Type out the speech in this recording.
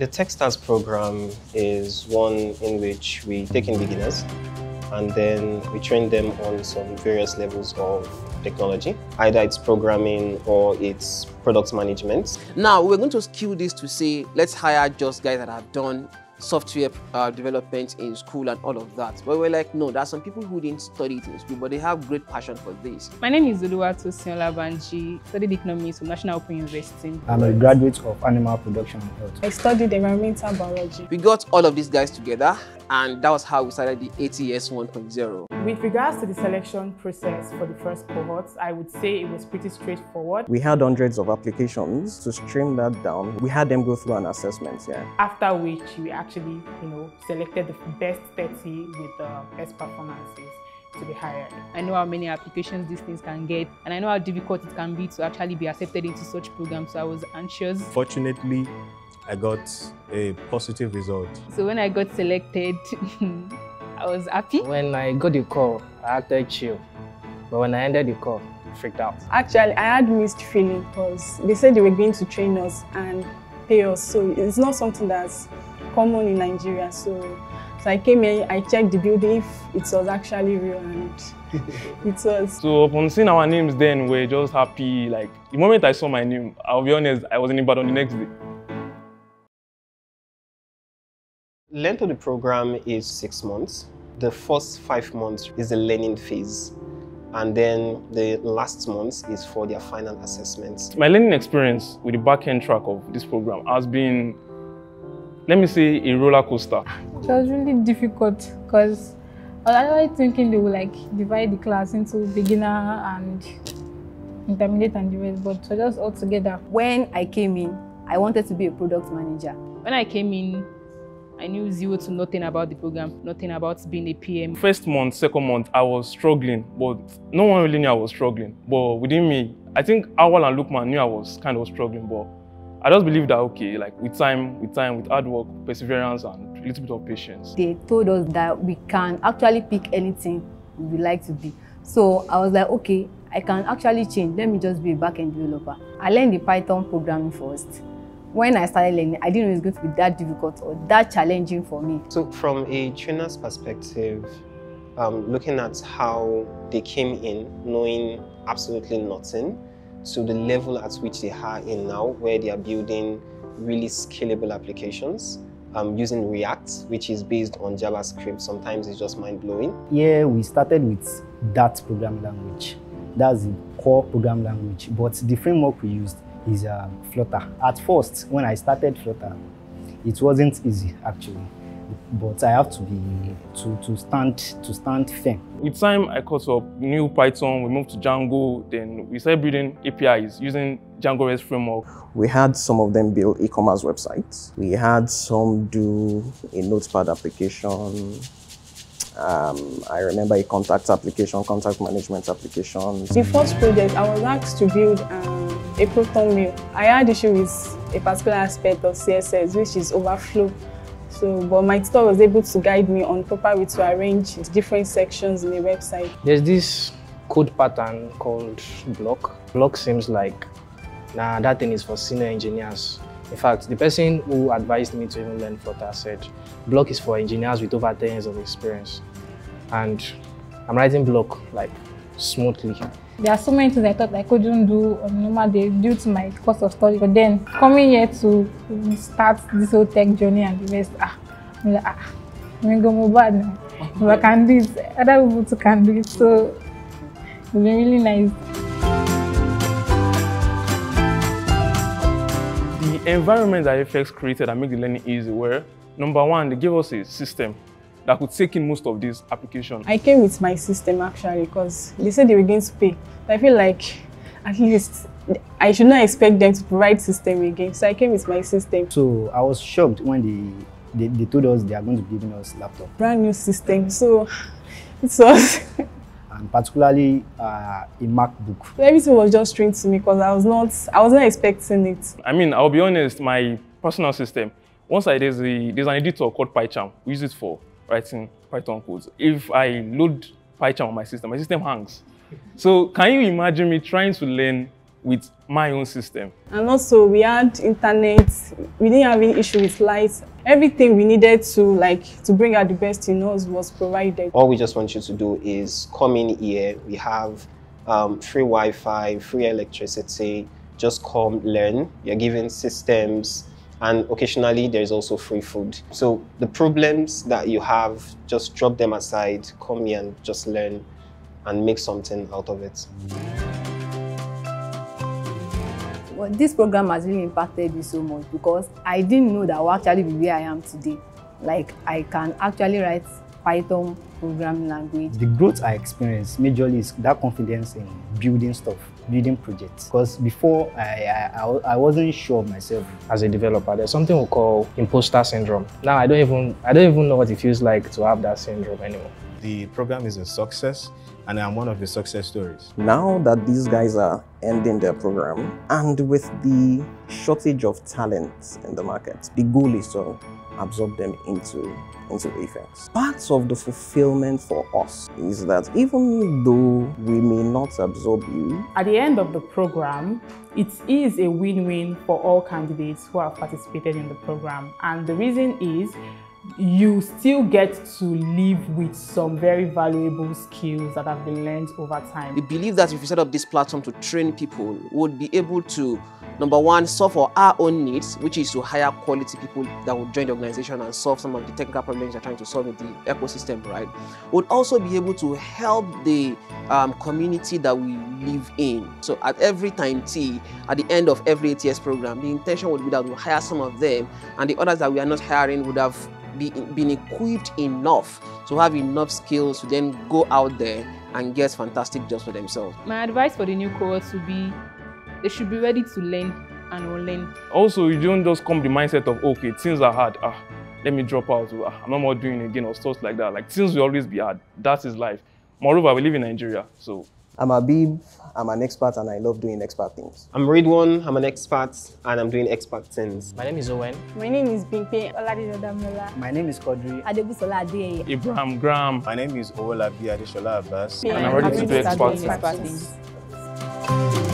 The Techstars program is one in which we take in beginners and then we train them on some various levels of technology. Either it's programming or it's product management. Now, we're going to skew this to say, let's hire just guys that have done software uh, development in school and all of that. But we're like, no, there are some people who didn't study it in school, but they have great passion for this. My name is Uluwatu Banji. studied economics from National Open University. I'm a graduate of animal production and health. I studied environmental biology. We got all of these guys together and that was how we started the ATS 1.0. With regards to the selection process for the first cohorts, I would say it was pretty straightforward. We had hundreds of applications to stream that down. We had them go through an assessment, yeah. After which we actually actually, you know, selected the best 30 with the best performances to be hired. I know how many applications these things can get, and I know how difficult it can be to actually be accepted into such programs, so I was anxious. Fortunately, I got a positive result. So when I got selected, I was happy. When I got the call, I acted chill. But when I ended the call, I freaked out. Actually, I had mixed feelings because they said they were going to train us and pay us. So it's not something that's common in Nigeria. So, so I came here, I checked the building if it was actually real and it was. So upon seeing our names then, we're just happy. Like the moment I saw my name, I'll be honest, I was in Ibadan the next day. Length of the program is six months. The first five months is the learning phase and then the last month is for their final assessments. My learning experience with the back-end track of this program has been let me say a roller coaster. It was really difficult because I was thinking they would like divide the class into beginner and intermediate and the rest, but so just all together. When I came in, I wanted to be a product manager. When I came in, I knew zero to nothing about the program, nothing about being a PM. First month, second month, I was struggling, but no one really knew I was struggling. But within me, I think Awal and Lukman knew I was kind of struggling, but I just believe that, okay, like with time, with time, with hard work, perseverance, and a little bit of patience. They told us that we can actually pick anything we like to be. So I was like, okay, I can actually change. Let me just be a back-end developer. I learned the Python programming first. When I started learning, I didn't know it was going to be that difficult or that challenging for me. So from a trainer's perspective, um, looking at how they came in, knowing absolutely nothing, to the level at which they are in now, where they are building really scalable applications um, using React, which is based on JavaScript. Sometimes it's just mind blowing. Yeah, we started with that program language. That's the core program language. But the framework we used is uh, Flutter. At first, when I started Flutter, it wasn't easy actually but I have to be to, to stand to stand firm. With time, I caught up, new Python, we moved to Django, then we started building APIs using Django REST framework. We had some of them build e-commerce websites. We had some do a Notepad application. Um, I remember a contact application, contact management application. The first project, I was asked to build um, a Proton mail. I had issue with a particular aspect of CSS, which is overflow so, but my tutor was able to guide me on proper way to arrange different sections in the website. There's this code pattern called block. Block seems like, nah, that thing is for senior engineers. In fact, the person who advised me to even learn Flutter said, block is for engineers with over 10 years of experience. And I'm writing block like smoothly. There are so many things I thought I couldn't do on normal day due to my course of study. But then coming here to start this whole tech journey and the rest, ah, I'm like, ah, I'm going to go bad now. If I can do it, other people too can do it. So it's been really nice. The environment that FX created that make the learning easy were, number one, they gave us a system that could take in most of these applications? I came with my system actually because they said they were going to pay. But I feel like at least I should not expect them to provide system again. So I came with my system. So I was shocked when they, they, they told us they are going to be giving us laptop. Brand new system. So it was... and particularly uh, a MacBook. Everything was just strange to me because I was not, I was not expecting it. I mean, I'll be honest, my personal system, once I, there's, a, there's an editor called PyCharm, we use it for writing Python codes. If I load PyCharm on my system, my system hangs. So can you imagine me trying to learn with my own system? And also we had internet, we didn't have any issue with lights. Everything we needed to like to bring out the best in us was provided. All we just want you to do is come in here. We have um, free Wi-Fi, free electricity. Just come learn. You're given systems, and occasionally, there's also free food. So the problems that you have, just drop them aside, come here and just learn and make something out of it. Well, this program has really impacted me so much because I didn't know that I actually be where I am today. Like, I can actually write Python language. The growth I experienced majorly is that confidence in building stuff, building projects. Because before, I, I, I wasn't sure of myself. As a developer, there's something we call imposter syndrome. Now, I don't even, I don't even know what it feels like to have that syndrome anymore. The program is a success and I'm one of the success stories. Now that these guys are ending their program and with the shortage of talent in the market, the goal is to absorb them into, into AFEX. Part of the fulfillment for us is that even though we may not absorb you, at the end of the program, it is a win-win for all candidates who have participated in the program. And the reason is you still get to live with some very valuable skills that have been learned over time. We believe that if we set up this platform to train people, we'll be able to, number one, solve for our own needs, which is to hire quality people that will join the organization and solve some of the technical problems they're trying to solve in the ecosystem, right? We'll also be able to help the um, community that we live in. So at every time T, at the end of every ATS program, the intention would be that we hire some of them and the others that we are not hiring would have be, been equipped enough to have enough skills to then go out there and get fantastic jobs for themselves. My advice for the new cohorts would be they should be ready to learn and unlearn. Also, you don't just come the mindset of, okay, things are hard. Ah, let me drop out. Ah, I'm not more doing again or stuff like that. Like, things will always be hard. That is life. Moreover, we live in Nigeria, so I'm Abib, I'm an expert and I love doing expert things. I'm Ridwan, I'm an expert and I'm doing expert things. My name is Owen. My name is Bimpe Oladirodamela. My name is Kodri. Adebusola Adeyeye. Ibrahim Graham. My name is Owolabi Adeshola Abbas. Yeah. And I'm ready to do expert, expert things. things.